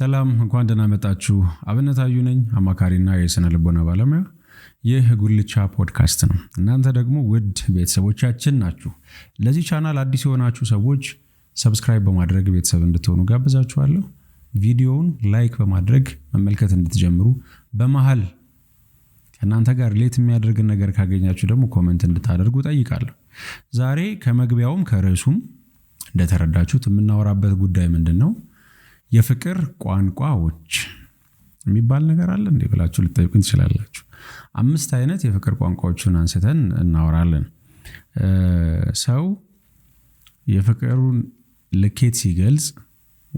ሰላም እንኳን ደህና መጣችሁ። አብነት አዩ ነኝ፣ አማካሪና የስነ ልቦና ባለሙያ። ይህ ጉልቻ ፖድካስት ነው። እናንተ ደግሞ ውድ ቤተሰቦቻችን ናችሁ። ለዚህ ቻናል አዲስ የሆናችሁ ሰዎች ሰብስክራይብ በማድረግ ቤተሰብ እንድትሆኑ ጋብዛችኋለሁ። ቪዲዮውን ላይክ በማድረግ መመልከት እንድትጀምሩ፣ በመሀል ከእናንተ ጋር ሌት የሚያደርግን ነገር ካገኛችሁ ደግሞ ኮመንት እንድታደርጉ ጠይቃለሁ። ዛሬ ከመግቢያውም ከርዕሱም እንደተረዳችሁት የምናወራበት ጉዳይ ምንድን ነው? የፍቅር ቋንቋዎች የሚባል ነገር አለ እንዴ ብላችሁ ልጠይቁኝ ትችላላችሁ። አምስት አይነት የፍቅር ቋንቋዎችን አንስተን እናወራለን። ሰው የፍቅሩን ልኬት ሲገልጽ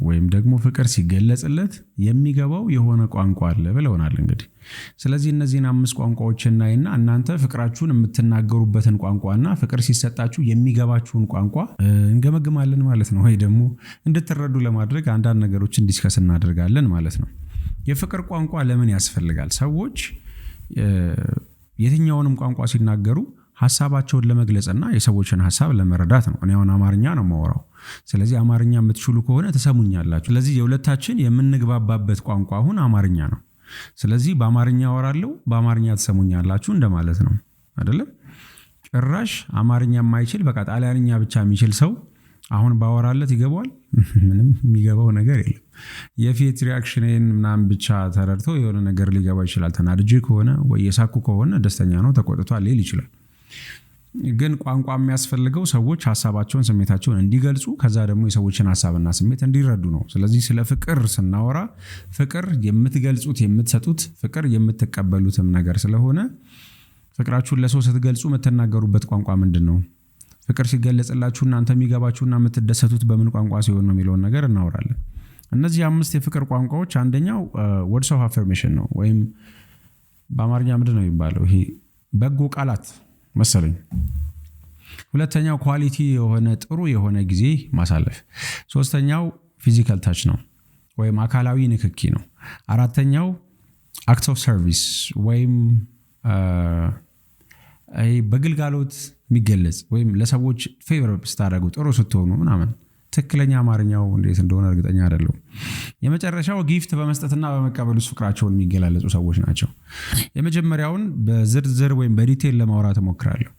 ወይም ደግሞ ፍቅር ሲገለጽለት የሚገባው የሆነ ቋንቋ አለ ብለውናል። እንግዲህ ስለዚህ እነዚህን አምስት ቋንቋዎች እናይና እናንተ ፍቅራችሁን የምትናገሩበትን ቋንቋና ፍቅር ሲሰጣችሁ የሚገባችሁን ቋንቋ እንገመግማለን ማለት ነው። ወይ ደግሞ እንድትረዱ ለማድረግ አንዳንድ ነገሮችን ዲስከስ እናደርጋለን ማለት ነው። የፍቅር ቋንቋ ለምን ያስፈልጋል? ሰዎች የትኛውንም ቋንቋ ሲናገሩ ሀሳባቸውን ለመግለጽና የሰዎችን ሀሳብ ለመረዳት ነው። እኔ አሁን አማርኛ ነው የማወራው። ስለዚህ አማርኛ የምትችሉ ከሆነ ትሰሙኛላችሁ። ስለዚህ የሁለታችን የምንግባባበት ቋንቋ አሁን አማርኛ ነው። ስለዚህ በአማርኛ አወራለሁ፣ በአማርኛ ትሰሙኛላችሁ እንደማለት ነው አይደለም? ጭራሽ አማርኛ የማይችል በቃ ጣሊያንኛ ብቻ የሚችል ሰው አሁን ባወራለት ይገባዋል? ምንም የሚገባው ነገር የለም። የፊት ሪያክሽንን ምናምን ብቻ ተረድቶ የሆነ ነገር ሊገባ ይችላል። ተናድጄ ከሆነ ወይ የሳኩ ከሆነ ደስተኛ ነው፣ ተቆጥቷል ሊል ይችላል። ግን ቋንቋ የሚያስፈልገው ሰዎች ሀሳባቸውን፣ ስሜታቸውን እንዲገልጹ ከዛ ደግሞ የሰዎችን ሀሳብና ስሜት እንዲረዱ ነው። ስለዚህ ስለ ፍቅር ስናወራ ፍቅር የምትገልጹት የምትሰጡት፣ ፍቅር የምትቀበሉትም ነገር ስለሆነ ፍቅራችሁን ለሰው ስትገልጹ የምትናገሩበት ቋንቋ ምንድን ነው? ፍቅር ሲገለጽላችሁ እናንተ የሚገባችሁና የምትደሰቱት በምን ቋንቋ ሲሆን ነው የሚለውን ነገር እናወራለን። እነዚህ አምስት የፍቅር ቋንቋዎች አንደኛው ወርድስ ኦፍ ነው ወይም በአማርኛ ምንድን ነው የሚባለው? ይሄ በጎ ቃላት መሰለኝ። ሁለተኛው ኳሊቲ የሆነ ጥሩ የሆነ ጊዜ ማሳለፍ። ሶስተኛው ፊዚካል ታች ነው ወይም አካላዊ ንክኪ ነው። አራተኛው አክት ኦፍ ሰርቪስ ወይም በግልጋሎት የሚገለጽ ወይም ለሰዎች ፌቨር ስታደርጉ ጥሩ ስትሆኑ ምናምን ትክክለኛ አማርኛው እንዴት እንደሆነ እርግጠኛ አይደለሁም። የመጨረሻው ጊፍት በመስጠትና በመቀበል ውስጥ ፍቅራቸውን የሚገላለጹ ሰዎች ናቸው። የመጀመሪያውን በዝርዝር ወይም በዲቴል ለማውራት እሞክራለሁ።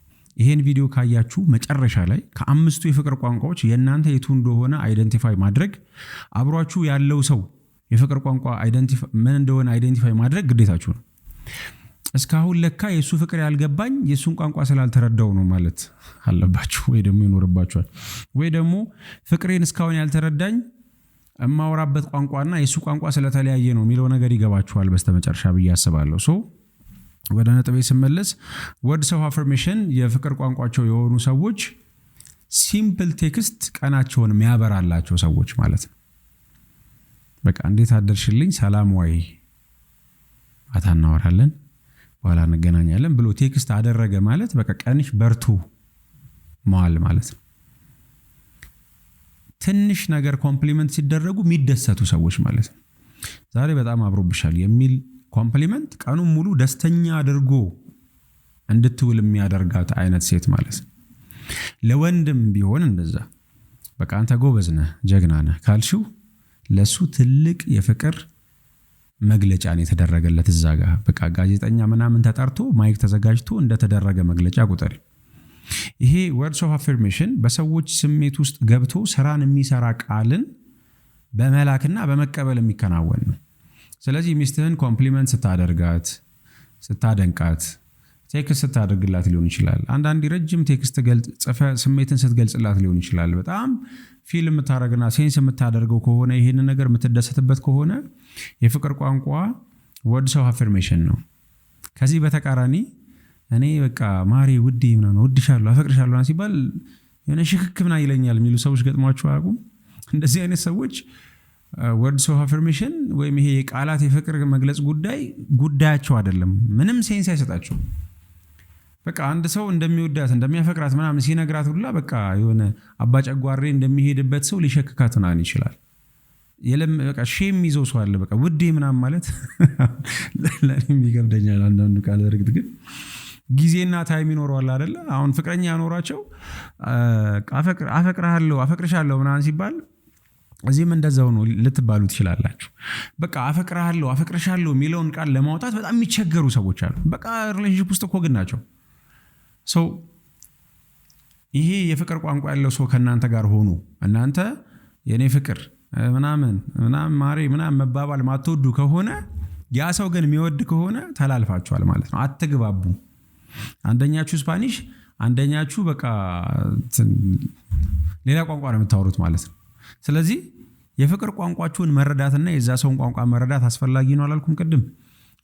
ይሄን ቪዲዮ ካያችሁ መጨረሻ ላይ ከአምስቱ የፍቅር ቋንቋዎች የእናንተ የቱ እንደሆነ አይደንቲፋይ ማድረግ፣ አብሯችሁ ያለው ሰው የፍቅር ቋንቋ ምን እንደሆነ አይደንቲፋይ ማድረግ ግዴታችሁ ነው። እስካሁን ለካ የእሱ ፍቅር ያልገባኝ የእሱን ቋንቋ ስላልተረዳው ነው ማለት አለባችሁ፣ ወይ ደግሞ ይኖርባችኋል። ወይ ደግሞ ፍቅሬን እስካሁን ያልተረዳኝ የማወራበት ቋንቋና የእሱ ቋንቋ ስለተለያየ ነው የሚለው ነገር ይገባችኋል በስተመጨረሻ ብዬ አስባለሁ። ሶ ወደ ነጥቤ ስመለስ ወርድ ኦፍ አፈርሜሽን የፍቅር ቋንቋቸው የሆኑ ሰዎች ሲምፕል ቴክስት ቀናቸውን የሚያበራላቸው ሰዎች ማለት ነው። በቃ እንዴት አደርሽልኝ፣ ሰላም ዋይ፣ አታ እናወራለን በኋላ እንገናኛለን ብሎ ቴክስት አደረገ ማለት በቃ ቀንሽ በርቱ መዋል ማለት ነው። ትንሽ ነገር ኮምፕሊመንት ሲደረጉ የሚደሰቱ ሰዎች ማለት ነው። ዛሬ በጣም አብሮብሻል የሚል ኮምፕሊመንት ቀኑን ሙሉ ደስተኛ አድርጎ እንድትውል የሚያደርጋት አይነት ሴት ማለት ነው። ለወንድም ቢሆን እንደዛ በቃ አንተ ጎበዝ ነህ፣ ጀግና ነህ ካልሽው ለእሱ ትልቅ የፍቅር መግለጫ ነው የተደረገለት እዛ ጋ በቃ ጋዜጠኛ ምናምን ተጠርቶ ማይክ ተዘጋጅቶ እንደተደረገ መግለጫ ቁጥር ይሄ ወርድስ ኦፍ አፊርሜሽን በሰዎች ስሜት ውስጥ ገብቶ ስራን የሚሰራ ቃልን በመላክና በመቀበል የሚከናወን ነው። ስለዚህ ሚስትህን ኮምፕሊመንት ስታደርጋት ስታደንቃት ቴክስት ስታደርግላት ሊሆን ይችላል። አንዳንድ ረጅም ቴክስት ጽፈ ስሜትን ስትገልጽላት ሊሆን ይችላል። በጣም ፊል የምታደርግና ሴንስ የምታደርገው ከሆነ ይህን ነገር የምትደሰትበት ከሆነ የፍቅር ቋንቋ ወድ ሰው አፌርሜሽን ነው። ከዚህ በተቃራኒ እኔ በቃ ማሬ ውዴ ምናምን ወድሻለሁ፣ አፈቅርሻለሁ ሲባል የሆነ ሽክክ ይለኛል የሚሉ ሰዎች ገጥሟቸው አያውቁም? እንደዚህ አይነት ሰዎች ወርድ ሶ አፌርሜሽን ወይም ይሄ የቃላት የፍቅር መግለጽ ጉዳይ ጉዳያቸው አይደለም። ምንም ሴንስ አይሰጣቸውም። በቃ አንድ ሰው እንደሚወዳት እንደሚያፈቅራት ምናምን ሲነግራት ሁላ በቃ የሆነ አባጨጓሬ እንደሚሄድበት ሰው ሊሸክካት ምናምን ይችላል። ሼም ይዞ ሰው አለ። በቃ ውዴ ምናምን ማለት ለእኔም ይከብደኛል አንዳንዱ ቃል። እርግጥ ግን ጊዜና ታይም ይኖረዋል አይደለ? አሁን ፍቅረኛ ያኖራቸው አፈቅርሃለሁ አፈቅርሻለሁ ምናምን ሲባል እዚህም እንደዛው ነው ልትባሉ ትችላላችሁ። በቃ አፈቅርሃለሁ አፈቅርሻለሁ የሚለውን ቃል ለማውጣት በጣም የሚቸገሩ ሰዎች አሉ። በቃ ሪሌሽንሽፕ ውስጥ እኮ ግን ናቸው። ሰው ይሄ የፍቅር ቋንቋ ያለው ሰው ከእናንተ ጋር ሆኖ እናንተ የእኔ ፍቅር ምናምን ምናምን ማሬ ምናምን መባባል ማትወዱ ከሆነ ያ ሰው ግን የሚወድ ከሆነ ተላልፋችኋል ማለት ነው። አትግባቡ። አንደኛችሁ ስፓኒሽ፣ አንደኛችሁ በቃ ሌላ ቋንቋ ነው የምታወሩት ማለት ነው። ስለዚህ የፍቅር ቋንቋችሁን መረዳትና የዛ ሰውን ቋንቋ መረዳት አስፈላጊ ነው አላልኩም ቅድም?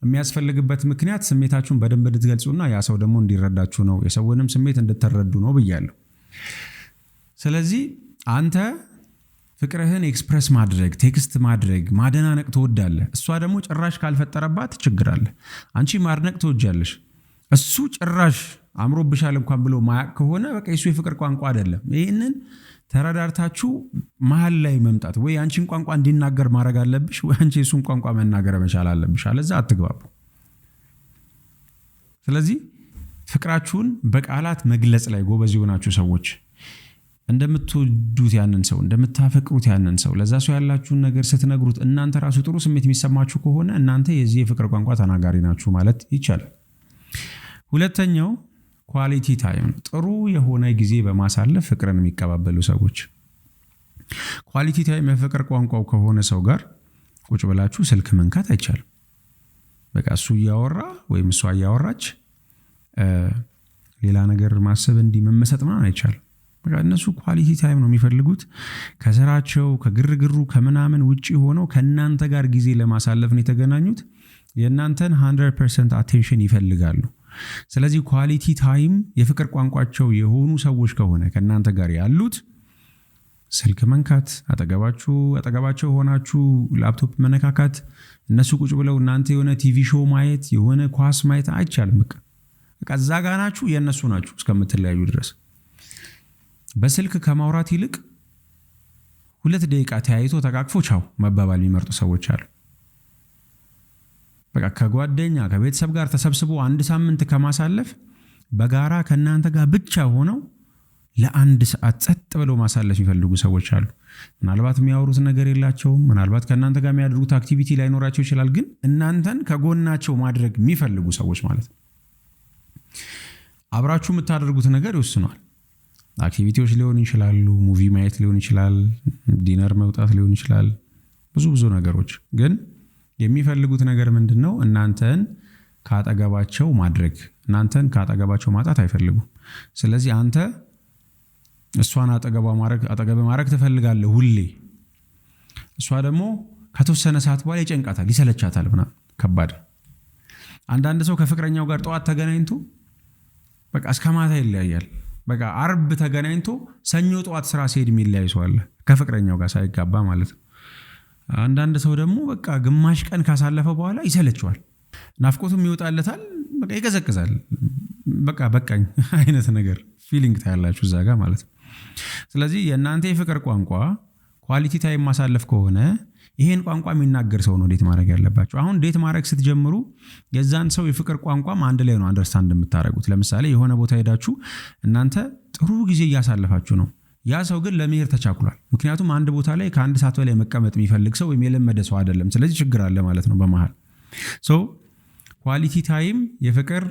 የሚያስፈልግበት ምክንያት ስሜታችሁን በደንብ እንድትገልጹና ያ ሰው ደግሞ እንዲረዳችሁ ነው። የሰውንም ስሜት እንድትረዱ ነው ብያለሁ። ስለዚህ አንተ ፍቅርህን ኤክስፕረስ ማድረግ ቴክስት ማድረግ ማደናነቅ ትወዳለህ። እሷ ደግሞ ጭራሽ ካልፈጠረባት ችግር አለ። አንቺ ማድነቅ ትወጃለሽ፣ እሱ ጭራሽ አምሮብሻል እንኳን ብሎ ማያቅ ከሆነ በቃ የሱ የፍቅር ቋንቋ አይደለም። ይህንን ተረዳርታችሁ መሀል ላይ መምጣት ወይ አንቺን ቋንቋ እንዲናገር ማድረግ አለብሽ፣ ወይ አንቺ የሱን ቋንቋ መናገር መቻል አለብሽ። አለዛ አትግባቡ። ስለዚህ ፍቅራችሁን በቃላት መግለጽ ላይ ጎበዝ የሆናችሁ ሰዎች እንደምትወዱት ያንን ሰው እንደምታፈቅሩት ያንን ሰው ለዛ ሰው ያላችሁን ነገር ስትነግሩት እናንተ ራሱ ጥሩ ስሜት የሚሰማችሁ ከሆነ እናንተ የዚህ የፍቅር ቋንቋ ተናጋሪ ናችሁ ማለት ይቻላል። ሁለተኛው ኳሊቲ ታይም፣ ጥሩ የሆነ ጊዜ በማሳለፍ ፍቅርን የሚቀባበሉ ሰዎች ኳሊቲ ታይም የፍቅር ቋንቋው ከሆነ ሰው ጋር ቁጭ ብላችሁ ስልክ መንካት አይቻልም። በቃ እሱ እያወራ ወይም እሷ እያወራች ሌላ ነገር ማሰብ እንዲህ መመሰጥ ምናምን አይቻልም። በቃ እነሱ ኳሊቲ ታይም ነው የሚፈልጉት። ከስራቸው ከግርግሩ ከምናምን ውጭ ሆነው ከእናንተ ጋር ጊዜ ለማሳለፍ ነው የተገናኙት። የእናንተን 100 ፐርሰንት አቴንሽን ይፈልጋሉ። ስለዚህ ኳሊቲ ታይም የፍቅር ቋንቋቸው የሆኑ ሰዎች ከሆነ ከእናንተ ጋር ያሉት ስልክ መንካት፣ አጠገባችሁ አጠገባቸው ሆናችሁ ላፕቶፕ መነካካት፣ እነሱ ቁጭ ብለው እናንተ የሆነ ቲቪ ሾው ማየት፣ የሆነ ኳስ ማየት አይቻልም። በቃ እዛ ጋ ናችሁ፣ የእነሱ ናችሁ እስከምትለያዩ ድረስ። በስልክ ከማውራት ይልቅ ሁለት ደቂቃ ተያይቶ ተቃቅፎ ቻው መባባል የሚመርጡ ሰዎች አሉ። በቃ ከጓደኛ ከቤተሰብ ጋር ተሰብስቦ አንድ ሳምንት ከማሳለፍ በጋራ ከእናንተ ጋር ብቻ ሆነው ለአንድ ሰዓት ጸጥ ብለው ማሳለፍ የሚፈልጉ ሰዎች አሉ። ምናልባት የሚያወሩት ነገር የላቸውም። ምናልባት ከእናንተ ጋር የሚያደርጉት አክቲቪቲ ላይኖራቸው ይችላል። ግን እናንተን ከጎናቸው ማድረግ የሚፈልጉ ሰዎች ማለት ነው። አብራችሁ የምታደርጉት ነገር ይወስኗል። አክቲቪቲዎች ሊሆን ይችላሉ፣ ሙቪ ማየት ሊሆን ይችላል፣ ዲነር መውጣት ሊሆን ይችላል፣ ብዙ ብዙ ነገሮች። ግን የሚፈልጉት ነገር ምንድን ነው? እናንተን ከአጠገባቸው ማድረግ። እናንተን ከአጠገባቸው ማጣት አይፈልጉም። ስለዚህ አንተ እሷን ማድረግ አጠገብ ማድረግ ትፈልጋለህ ሁሌ። እሷ ደግሞ ከተወሰነ ሰዓት በኋላ ይጨንቃታል፣ ይሰለቻታል። ምና ከባድ አንዳንድ ሰው ከፍቅረኛው ጋር ጠዋት ተገናኝቶ በቃ እስከ ማታ ይለያያል። በቃ አርብ ተገናኝቶ ሰኞ ጠዋት ስራ ሲሄድ የሚለያይ ሰው አለ፣ ከፍቅረኛው ጋር ሳይጋባ ማለት ነው። አንዳንድ ሰው ደግሞ በቃ ግማሽ ቀን ካሳለፈ በኋላ ይሰለችዋል፣ ናፍቆቱም ይወጣለታል፣ በቃ ይቀዘቅዛል። በቃ በቃኝ አይነት ነገር ፊሊንግ ታያላችሁ እዛ ጋር ማለት ነው። ስለዚህ የእናንተ የፍቅር ቋንቋ ኳሊቲ ታይም ማሳለፍ ከሆነ ይሄን ቋንቋ የሚናገር ሰው ነው ዴት ማድረግ ያለባቸው። አሁን ዴት ማድረግ ስትጀምሩ የዛን ሰው የፍቅር ቋንቋም አንድ ላይ ነው አንደርስታንድ እንደምታደረጉት። ለምሳሌ የሆነ ቦታ ሄዳችሁ እናንተ ጥሩ ጊዜ እያሳለፋችሁ ነው፣ ያ ሰው ግን ለመሄድ ተቻኩሏል። ምክንያቱም አንድ ቦታ ላይ ከአንድ ሰዓት በላይ መቀመጥ የሚፈልግ ሰው ወይም የለመደ ሰው አይደለም። ስለዚህ ችግር አለ ማለት ነው በመሃል ኳሊቲ ታይም የፍቅር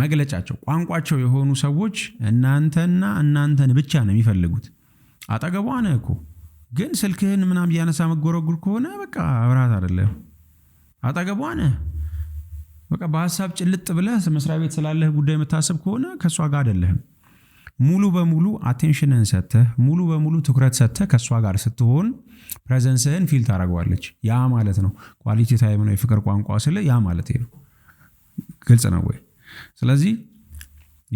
መግለጫቸው ቋንቋቸው የሆኑ ሰዎች እናንተና እናንተን ብቻ ነው የሚፈልጉት። አጠገቧ ነህ እኮ ግን ስልክህን ምናም እያነሳ መጎረጉር ከሆነ በቃ አብራት አይደለም። አጠገቧ ነህ በቃ በሀሳብ ጭልጥ ብለህ መስሪያ ቤት ስላለህ ጉዳይ የምታስብ ከሆነ ከእሷ ጋር አደለህም። ሙሉ በሙሉ አቴንሽንን ሰተህ ሙሉ በሙሉ ትኩረት ሰተህ ከእሷ ጋር ስትሆን ፕሬዘንስህን ፊል ታደርገዋለች። ያ ማለት ነው ኳሊቲ ታይም ነው የፍቅር ቋንቋ ስለ ያ ማለት ነው። ግልጽ ነው ወይ? ስለዚህ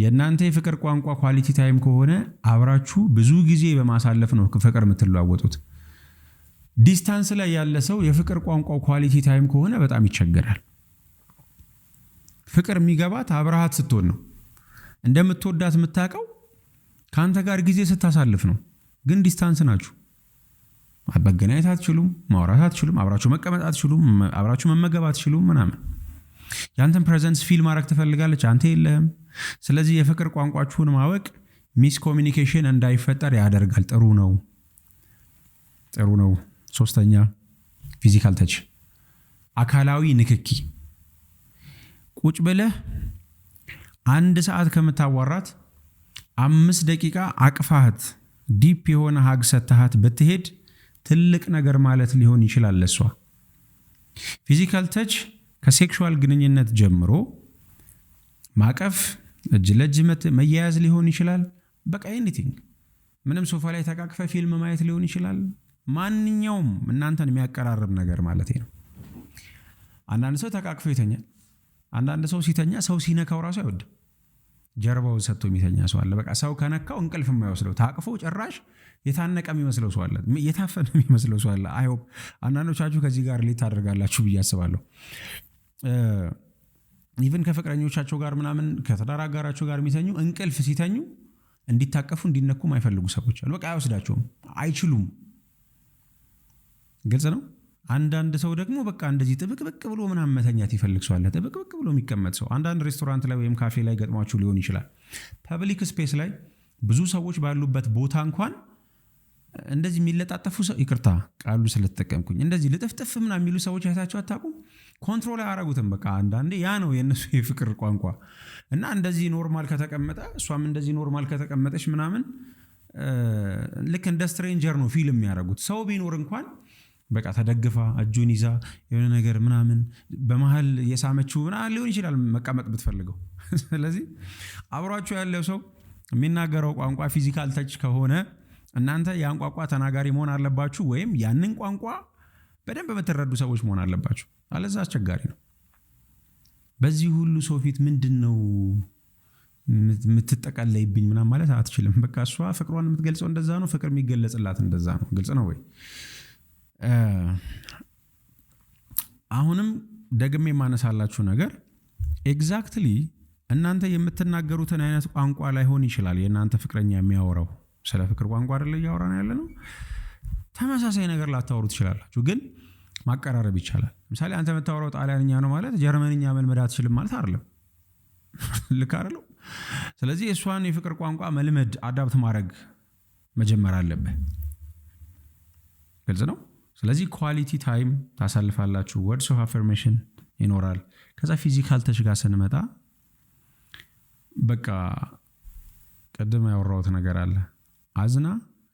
የእናንተ የፍቅር ቋንቋ ኳሊቲ ታይም ከሆነ አብራችሁ ብዙ ጊዜ በማሳለፍ ነው ፍቅር የምትለዋወጡት። ዲስታንስ ላይ ያለ ሰው የፍቅር ቋንቋ ኳሊቲ ታይም ከሆነ በጣም ይቸገራል። ፍቅር የሚገባት አብረሃት ስትሆን ነው። እንደምትወዳት የምታውቀው ከአንተ ጋር ጊዜ ስታሳልፍ ነው። ግን ዲስታንስ ናችሁ። መገናኘት አትችሉም፣ ማውራት አትችሉም፣ አብራችሁ መቀመጥ አትችሉም፣ አብራችሁ መመገብ አትችሉም ምናምን የአንተን ፕሬዘንስ ፊል ማድረግ ትፈልጋለች፣ አንተ የለህም። ስለዚህ የፍቅር ቋንቋችሁን ማወቅ ሚስ ኮሚኒኬሽን እንዳይፈጠር ያደርጋል። ጥሩ ነው፣ ጥሩ ነው። ሶስተኛ ፊዚካል ተች፣ አካላዊ ንክኪ። ቁጭ ብለህ አንድ ሰዓት ከምታዋራት አምስት ደቂቃ አቅፋህት ዲፕ የሆነ ሀግ ሰተሃት ብትሄድ ትልቅ ነገር ማለት ሊሆን ይችላል ለሷ ፊዚካል ተች ከሴክሹዋል ግንኙነት ጀምሮ ማቀፍ፣ እጅ ለእጅ መያያዝ ሊሆን ይችላል። በቃ ኤኒቲንግ ምንም ሶፋ ላይ ተቃቅፈ ፊልም ማየት ሊሆን ይችላል። ማንኛውም እናንተን የሚያቀራርብ ነገር ማለት ነው። አንዳንድ ሰው ተቃቅፎ ይተኛል። አንዳንድ ሰው ሲተኛ ሰው ሲነካው ራሱ አይወድም። ጀርባው ሰጥቶ የሚተኛ ሰው አለ። በቃ ሰው ከነካው እንቅልፍ የማይወስደው ታቅፎ ጭራሽ የታነቀ የሚመስለው ሰው አለ። የታፈነ የሚመስለው ሰው አለ። አይ ሆፕ አንዳንዶቻችሁ ከዚህ ጋር ሌት ታደርጋላችሁ ብዬ አስባለሁ። ኢቨን ከፍቅረኞቻቸው ጋር ምናምን ከትዳር አጋራቸው ጋር የሚተኙ እንቅልፍ ሲተኙ እንዲታቀፉ እንዲነኩ ማይፈልጉ ሰዎች አሉ። በቃ አይወስዳቸውም፣ አይችሉም። ግልጽ ነው። አንዳንድ ሰው ደግሞ በቃ እንደዚህ ጥብቅብቅ ብሎ ምናምን መተኛት ይፈልግ ሰው አለ። ጥብቅብቅ ብሎ የሚቀመጥ ሰው አንዳንድ ሬስቶራንት ላይ ወይም ካፌ ላይ ገጥሟችሁ ሊሆን ይችላል። ፐብሊክ ስፔስ ላይ ብዙ ሰዎች ባሉበት ቦታ እንኳን እንደዚህ የሚለጣጠፉ ሰው ይቅርታ ቃሉ ስለተጠቀምኩኝ እንደዚህ ልጥፍጥፍ ምና የሚሉ ሰዎች አይታቸው አታውቁም። ኮንትሮል አያረጉትም። በቃ አንዳንዴ ያ ነው የእነሱ የፍቅር ቋንቋ እና እንደዚህ ኖርማል ከተቀመጠ እሷም እንደዚህ ኖርማል ከተቀመጠች ምናምን ልክ እንደ ስትሬንጀር ነው ፊልም የሚያደርጉት። ሰው ቢኖር እንኳን በቃ ተደግፋ እጁን ይዛ የሆነ ነገር ምናምን በመሀል የሳመችው ምናምን ሊሆን ይችላል መቀመጥ ብትፈልገው። ስለዚህ አብሯቸው ያለው ሰው የሚናገረው ቋንቋ ፊዚካል ተች ከሆነ እናንተ ያን ቋንቋ ተናጋሪ መሆን አለባችሁ፣ ወይም ያንን ቋንቋ በደንብ የምትረዱ ሰዎች መሆን አለባችሁ። አለዛ አስቸጋሪ ነው። በዚህ ሁሉ ሰው ፊት ምንድን ነው የምትጠቀለይብኝ ምናምን ማለት አትችልም። በቃ እሷ ፍቅሯን የምትገልጸው እንደዛ ነው። ፍቅር የሚገለጽላት እንደዛ ነው። ግልጽ ነው ወይ? አሁንም ደግሜ የማነሳላችሁ ነገር ኤግዛክትሊ እናንተ የምትናገሩትን አይነት ቋንቋ ላይሆን ይችላል የእናንተ ፍቅረኛ የሚያወራው ስለ ፍቅር ቋንቋ አይደለ እያወራን ያለ ነው። ተመሳሳይ ነገር ላታወሩ ትችላላችሁ፣ ግን ማቀራረብ ይቻላል። ለምሳሌ አንተ የምታወራው ጣሊያንኛ ነው ማለት ጀርመንኛ መልመድ አትችልም ማለት አይደለም። ልክ አይደለም። ስለዚህ እሷን የፍቅር ቋንቋ መልመድ አዳብት ማድረግ መጀመር አለብህ። ግልጽ ነው። ስለዚህ ኳሊቲ ታይም ታሳልፋላችሁ፣ ወርድስ ኦፍ አፈርሜሽን ይኖራል። ከዛ ፊዚካል ተች ጋር ስንመጣ በቃ ቅድም ያወራሁት ነገር አለ አዝና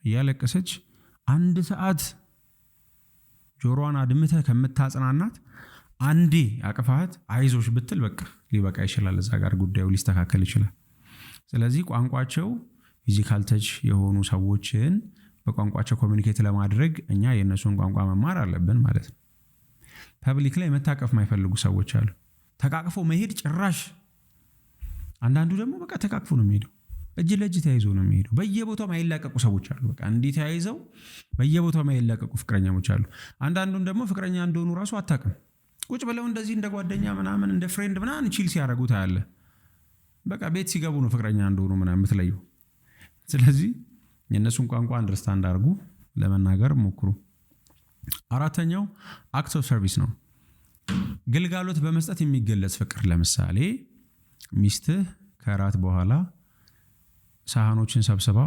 እያለቀሰች አንድ ሰዓት ጆሮዋን አድምተህ ከምታጽናናት አንዴ አቅፋት አይዞች ብትል በቃ ሊበቃ ይችላል። እዛ ጋር ጉዳዩ ሊስተካከል ይችላል። ስለዚህ ቋንቋቸው ፊዚካል ተች የሆኑ ሰዎችን በቋንቋቸው ኮሚኒኬት ለማድረግ እኛ የእነሱን ቋንቋ መማር አለብን ማለት ነው። ፐብሊክ ላይ መታቀፍ የማይፈልጉ ሰዎች አሉ። ተቃቅፎ መሄድ ጭራሽ። አንዳንዱ ደግሞ በቃ ተቃቅፎ ነው የሚሄደው። እጅ ለእጅ ተያይዞ ነው የሚሄደው። በየቦታው ማይላቀቁ ሰዎች አሉ። በቃ እንዲህ ተያይዘው በየቦታው ማይላቀቁ ፍቅረኛሞች አሉ። አንዳንዱን ደግሞ ፍቅረኛ እንደሆኑ ራሱ አታውቅም። ቁጭ ብለው እንደዚህ እንደ ጓደኛ ምናምን እንደ ፍሬንድ ምናምን ቺል ሲያደርጉ ታያለ። በቃ ቤት ሲገቡ ነው ፍቅረኛ እንደሆኑ ምናምን የምትለዩ ስለዚህ የእነሱን ቋንቋ አንደርስታንድ አድርጉ፣ ለመናገር ሞክሩ። አራተኛው አክት ኦፍ ሰርቪስ ነው፣ ግልጋሎት በመስጠት የሚገለጽ ፍቅር። ለምሳሌ ሚስትህ ከራት በኋላ ሳህኖችን ሰብስባ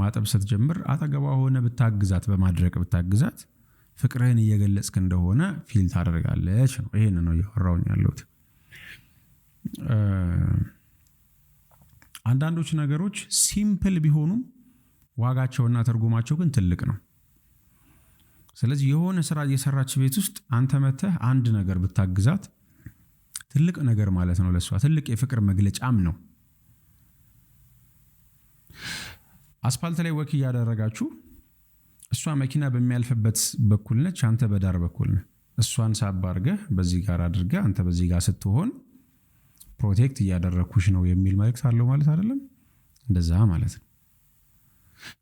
ማጠብ ስትጀምር አጠገቧ ሆነ ብታግዛት በማድረቅ ብታግዛት ፍቅርህን እየገለጽክ እንደሆነ ፊል ታደርጋለች ነው። ይህን ነው እያወራሁኝ ያለሁት። አንዳንዶች ነገሮች ሲምፕል ቢሆኑም ዋጋቸውና ትርጉማቸው ግን ትልቅ ነው። ስለዚህ የሆነ ስራ እየሰራች ቤት ውስጥ አንተ መተህ አንድ ነገር ብታግዛት ትልቅ ነገር ማለት ነው። ለሷ ትልቅ የፍቅር መግለጫም ነው። አስፓልት ላይ ወክ እያደረጋችሁ እሷ መኪና በሚያልፍበት በኩል ነች፣ አንተ በዳር በኩል ነህ። እሷን ሳብ በዚህ ጋር አድርገህ አንተ በዚህ ጋር ስትሆን ፕሮቴክት እያደረግኩሽ ነው የሚል መልእክት አለው ማለት አይደለም። እንደዛ ማለት ነው።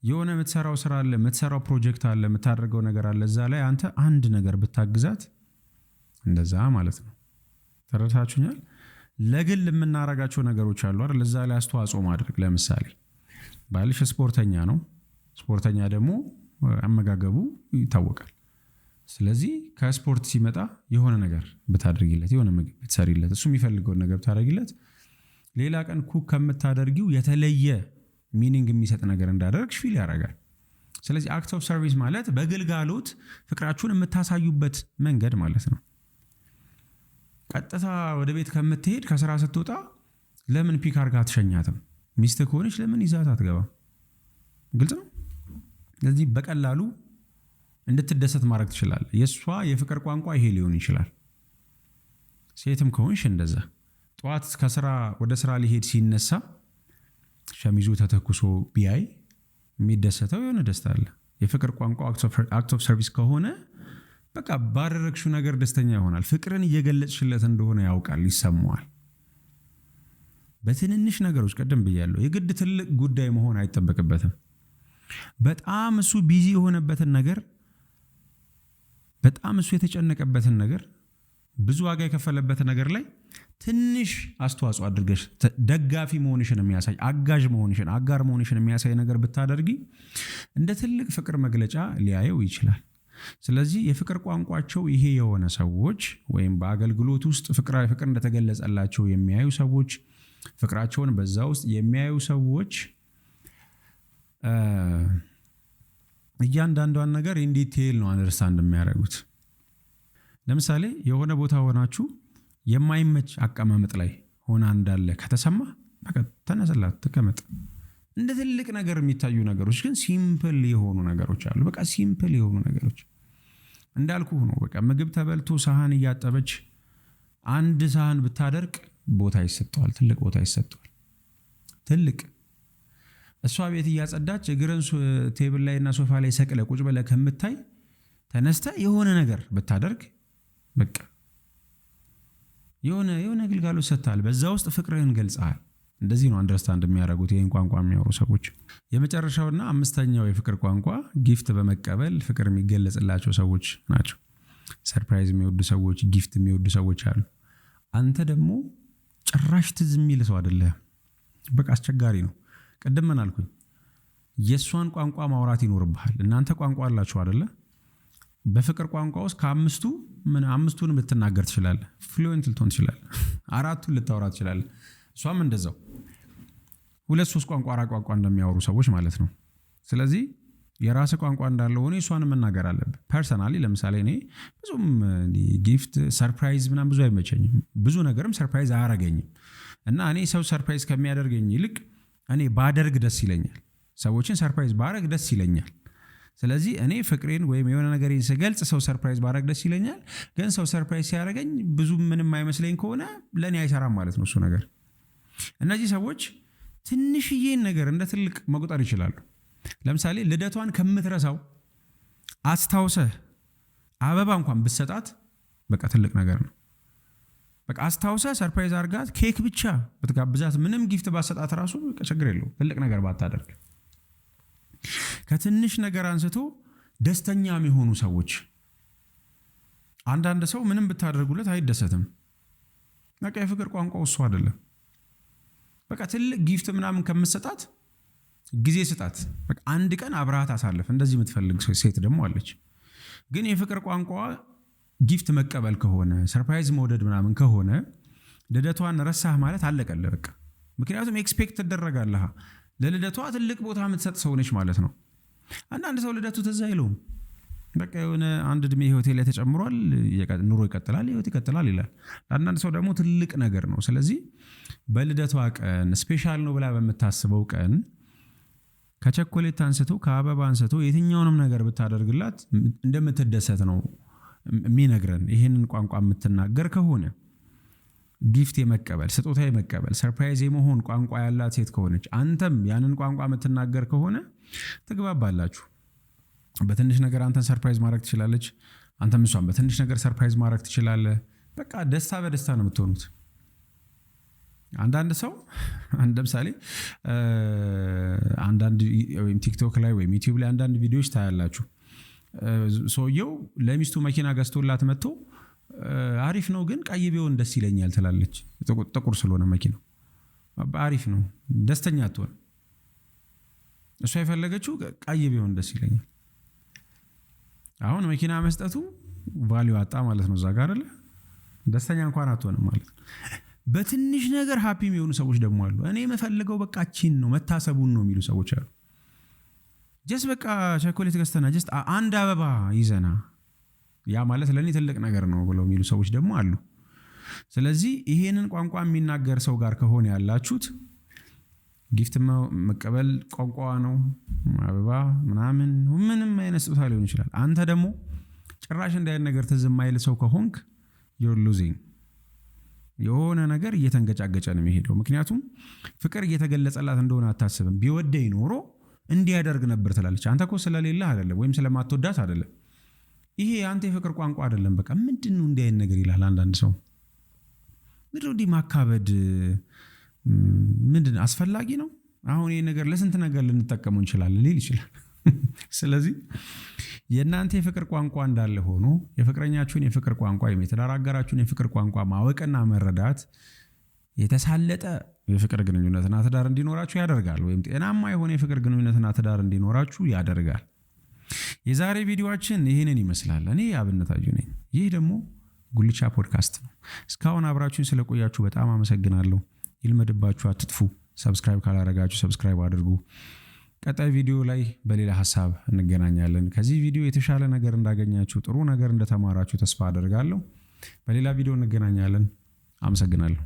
የሆነ የምትሰራው ስራ አለ፣ የምትሰራው ፕሮጀክት አለ፣ የምታደርገው ነገር አለ። እዛ ላይ አንተ አንድ ነገር ብታግዛት እንደዛ ማለት ነው። ተረድታችሁኛል? ለግል የምናረጋቸው ነገሮች አሉ አይደል? እዛ ላይ አስተዋጽኦ ማድረግ ለምሳሌ ባልሽ ስፖርተኛ ነው። ስፖርተኛ ደግሞ አመጋገቡ ይታወቃል። ስለዚህ ከስፖርት ሲመጣ የሆነ ነገር ብታደርጊለት፣ የሆነ ምግብ ብትሰሪለት፣ እሱ የሚፈልገውን ነገር ብታደርጊለት፣ ሌላ ቀን ኩክ ከምታደርጊው የተለየ ሚኒንግ የሚሰጥ ነገር እንዳደረግሽ ፊል ያደርጋል። ስለዚህ አክት ኦፍ ሰርቪስ ማለት በግልጋሎት ፍቅራችሁን የምታሳዩበት መንገድ ማለት ነው። ቀጥታ ወደ ቤት ከምትሄድ ከስራ ስትወጣ ለምን ፒክ አድርጋ አትሸኛትም? ሚስት ከሆነች ለምን ይዛት አትገባም? ግልጽ ነው። ስለዚህ በቀላሉ እንድትደሰት ማድረግ ትችላለህ። የእሷ የፍቅር ቋንቋ ይሄ ሊሆን ይችላል። ሴትም ከሆንሽ እንደዛ ጠዋት ከስራ ወደ ስራ ሊሄድ ሲነሳ ሸሚዙ ተተኩሶ ቢያይ የሚደሰተው የሆነ ደስታ አለ። የፍቅር ቋንቋ አክት ኦፍ ሰርቪስ ከሆነ በቃ ባደረግሽው ነገር ደስተኛ ይሆናል። ፍቅርን እየገለጽሽለት እንደሆነ ያውቃል፣ ይሰማዋል። በትንንሽ ነገሮች ቀደም ብያለሁ፣ የግድ ትልቅ ጉዳይ መሆን አይጠበቅበትም። በጣም እሱ ቢዚ የሆነበትን ነገር በጣም እሱ የተጨነቀበትን ነገር ብዙ ዋጋ የከፈለበትን ነገር ላይ ትንሽ አስተዋጽኦ አድርገሽ ደጋፊ መሆንሽን የሚያሳይ አጋዥ መሆንሽን አጋር መሆንሽን የሚያሳይ ነገር ብታደርጊ እንደ ትልቅ ፍቅር መግለጫ ሊያየው ይችላል። ስለዚህ የፍቅር ቋንቋቸው ይሄ የሆነ ሰዎች ወይም በአገልግሎት ውስጥ ፍቅር እንደተገለጸላቸው የሚያዩ ሰዎች ፍቅራቸውን በዛ ውስጥ የሚያዩ ሰዎች እያንዳንዷን ነገር ኢንዲቴይል ነው አንደርስታንድ የሚያደርጉት። ለምሳሌ የሆነ ቦታ ሆናችሁ የማይመች አቀማመጥ ላይ ሆና እንዳለ ከተሰማ በቃ ተነስላት ተቀመጥ። እንደ ትልቅ ነገር የሚታዩ ነገሮች ግን ሲምፕል የሆኑ ነገሮች አሉ። በቃ ሲምፕል የሆኑ ነገሮች እንዳልኩ ነው። በቃ ምግብ ተበልቶ ሳህን እያጠበች አንድ ሳህን ብታደርቅ ቦታ ይሰጠዋል፣ ትልቅ ቦታ ይሰጠዋል። ትልቅ እሷ ቤት እያጸዳች እግርን ቴብል ላይ እና ሶፋ ላይ ሰቅለ ቁጭ ብለ ከምታይ ተነስተ የሆነ ነገር ብታደርግ በቃ የሆነ የሆነ ግልጋሎት ሰጥታል። በዛ ውስጥ ፍቅርህን ገልጸሃል። እንደዚህ ነው አንደርስታንድ የሚያደርጉት ይህን ቋንቋ የሚያወሩ ሰዎች። የመጨረሻውና አምስተኛው የፍቅር ቋንቋ ጊፍት በመቀበል ፍቅር የሚገለጽላቸው ሰዎች ናቸው። ሰርፕራይዝ የሚወዱ ሰዎች፣ ጊፍት የሚወዱ ሰዎች አሉ። አንተ ደግሞ ጭራሽ ትዝ የሚል ሰው አይደለህም። በቃ አስቸጋሪ ነው። ቅድም ምን አልኩኝ? የእሷን ቋንቋ ማውራት ይኖርብሃል። እናንተ ቋንቋ አላችሁ አደለ? በፍቅር ቋንቋ ውስጥ ከአምስቱ ምን አምስቱን ልትናገር ትችላለ፣ ፍሉዌንት ልትሆን ትችላለ፣ አራቱን ልታወራ ትችላለ። እሷም እንደዛው ሁለት ሶስት ቋንቋ አራት ቋንቋ እንደሚያወሩ ሰዎች ማለት ነው። ስለዚህ የራስ ቋንቋ እንዳለው ሆነ እሷን መናገር አለብን። ፐርሰናሊ ለምሳሌ እኔ ብዙም ጊፍት ሰርፕራይዝ ምናም ብዙ አይመቸኝም። ብዙ ነገርም ሰርፕራይዝ አያረገኝም እና እኔ ሰው ሰርፕራይዝ ከሚያደርገኝ ይልቅ እኔ ባደርግ ደስ ይለኛል። ሰዎችን ሰርፕራይዝ ባረግ ደስ ይለኛል። ስለዚህ እኔ ፍቅሬን ወይም የሆነ ነገሬን ስገልጽ ሰው ሰርፕራይዝ ባረግ ደስ ይለኛል። ግን ሰው ሰርፕራይዝ ሲያደርገኝ ብዙ ምንም አይመስለኝ ከሆነ ለእኔ አይሰራም ማለት ነው እሱ ነገር። እነዚህ ሰዎች ትንሽዬን ነገር እንደ ትልቅ መቁጠር ይችላሉ። ለምሳሌ ልደቷን ከምትረሳው አስታውሰህ አበባ እንኳን ብትሰጣት በቃ ትልቅ ነገር ነው። በቃ አስታውሰህ ሰርፕራይዝ አድርጋት ኬክ ብቻ ብትጋብዛት፣ ምንም ጊፍት ባሰጣት ራሱ ችግር የለው ትልቅ ነገር ባታደርግ ከትንሽ ነገር አንስቶ ደስተኛ የሆኑ ሰዎች አንዳንድ ሰው ምንም ብታደርጉለት አይደሰትም። በቃ የፍቅር ቋንቋ እሱ አይደለም። በቃ ትልቅ ጊፍት ምናምን ከምትሰጣት ጊዜ ስጣት። አንድ ቀን አብረሃት አሳለፍ። እንደዚህ የምትፈልግ ሴት ደግሞ አለች። ግን የፍቅር ቋንቋዋ ጊፍት መቀበል ከሆነ ሰርፕራይዝ መውደድ ምናምን ከሆነ ልደቷን ረሳህ ማለት አለቀለ በቃ። ምክንያቱም ኤክስፔክት ትደረጋለህ። ለልደቷ ትልቅ ቦታ የምትሰጥ ሰው ነች ማለት ነው። አንዳንድ ሰው ልደቱ ትዝ አይለውም። በቃ የሆነ አንድ እድሜ ህይወቴ ላይ ተጨምሯል፣ ኑሮ ይቀጥላል፣ ህይወት ይቀጥላል ይላል። ለአንዳንድ ሰው ደግሞ ትልቅ ነገር ነው። ስለዚህ በልደቷ ቀን ስፔሻል ነው ብላ በምታስበው ቀን ከቸኮሌት አንስቶ ከአበባ አንስቶ የትኛውንም ነገር ብታደርግላት እንደምትደሰት ነው የሚነግረን። ይህንን ቋንቋ የምትናገር ከሆነ ጊፍት የመቀበል ስጦታ የመቀበል ሰርፕራይዝ የመሆን ቋንቋ ያላት ሴት ከሆነች አንተም ያንን ቋንቋ የምትናገር ከሆነ ትግባባላችሁ። በትንሽ ነገር አንተን ሰርፕራይዝ ማድረግ ትችላለች፣ አንተም እሷን በትንሽ ነገር ሰርፕራይዝ ማድረግ ትችላለህ። በቃ ደስታ በደስታ ነው የምትሆኑት። አንዳንድ ሰው ለምሳሌ አንዳንድ ቲክቶክ ላይ ወይም ዩቲዩብ ላይ አንዳንድ ቪዲዮዎች ታያላችሁ። ሰውየው ለሚስቱ መኪና ገዝቶላት መጥቶ አሪፍ ነው ግን ቀይ ቢሆን ደስ ይለኛል ትላለች። ጥቁር ስለሆነ መኪናው አሪፍ ነው፣ ደስተኛ አትሆን። እሷ የፈለገችው ቀይ ቢሆን ደስ ይለኛል። አሁን መኪና መስጠቱ ቫሊዩ አጣ ማለት ነው። እዛ ጋር ደስተኛ እንኳን አትሆንም ማለት ነው። በትንሽ ነገር ሀፒ የሚሆኑ ሰዎች ደግሞ አሉ። እኔ የምፈልገው በቃ ቺን ነው መታሰቡን ነው የሚሉ ሰዎች አሉ። ጀስት በቃ ቸኮሌት ገዝተና ጀስት አንድ አበባ ይዘና ያ ማለት ለእኔ ትልቅ ነገር ነው ብለው የሚሉ ሰዎች ደግሞ አሉ። ስለዚህ ይሄንን ቋንቋ የሚናገር ሰው ጋር ከሆነ ያላችሁት ጊፍት መቀበል ቋንቋ ነው፣ አበባ ምናምን ምንም አይነት ስጦታ ሊሆን ይችላል። አንተ ደግሞ ጭራሽ እንዳይነት ነገር ትዝ የማይል ሰው ከሆንክ ዩር ሉዚንግ የሆነ ነገር እየተንገጫገጨ ነው የሚሄደው። ምክንያቱም ፍቅር እየተገለጸላት እንደሆነ አታስብም። ቢወደኝ ኖሮ እንዲያደርግ ነበር ትላለች። አንተ እኮ ስለሌለህ አይደለም ወይም ስለማትወዳት አይደለም። ይሄ አንተ የፍቅር ቋንቋ አይደለም። በቃ ምንድን ነው እንዲህ አይነት ነገር ይላል አንዳንድ ሰው። ምድር እንዲህ ማካበድ ምንድን አስፈላጊ ነው? አሁን ይህ ነገር ለስንት ነገር ልንጠቀሙ እንችላለን ሊል ይችላል። ስለዚህ የእናንተ የፍቅር ቋንቋ እንዳለ ሆኖ የፍቅረኛችሁን የፍቅር ቋንቋ ወይም የትዳር አጋራችሁን የፍቅር ቋንቋ ማወቅና መረዳት የተሳለጠ የፍቅር ግንኙነትና ትዳር እንዲኖራችሁ ያደርጋል። ወይም ጤናማ የሆነ የፍቅር ግንኙነትና ትዳር እንዲኖራችሁ ያደርጋል። የዛሬ ቪዲዮችን ይህንን ይመስላል። እኔ አብነታችሁ ነኝ። ይህ ደግሞ ጉልቻ ፖድካስት ነው። እስካሁን አብራችሁን ስለቆያችሁ በጣም አመሰግናለሁ። ይልመድባችሁ፣ አትጥፉ። ሰብስክራይብ ካላረጋችሁ ሰብስክራይብ አድርጉ። ቀጣይ ቪዲዮ ላይ በሌላ ሀሳብ እንገናኛለን። ከዚህ ቪዲዮ የተሻለ ነገር እንዳገኛችሁ፣ ጥሩ ነገር እንደተማራችሁ ተስፋ አደርጋለሁ። በሌላ ቪዲዮ እንገናኛለን። አመሰግናለሁ።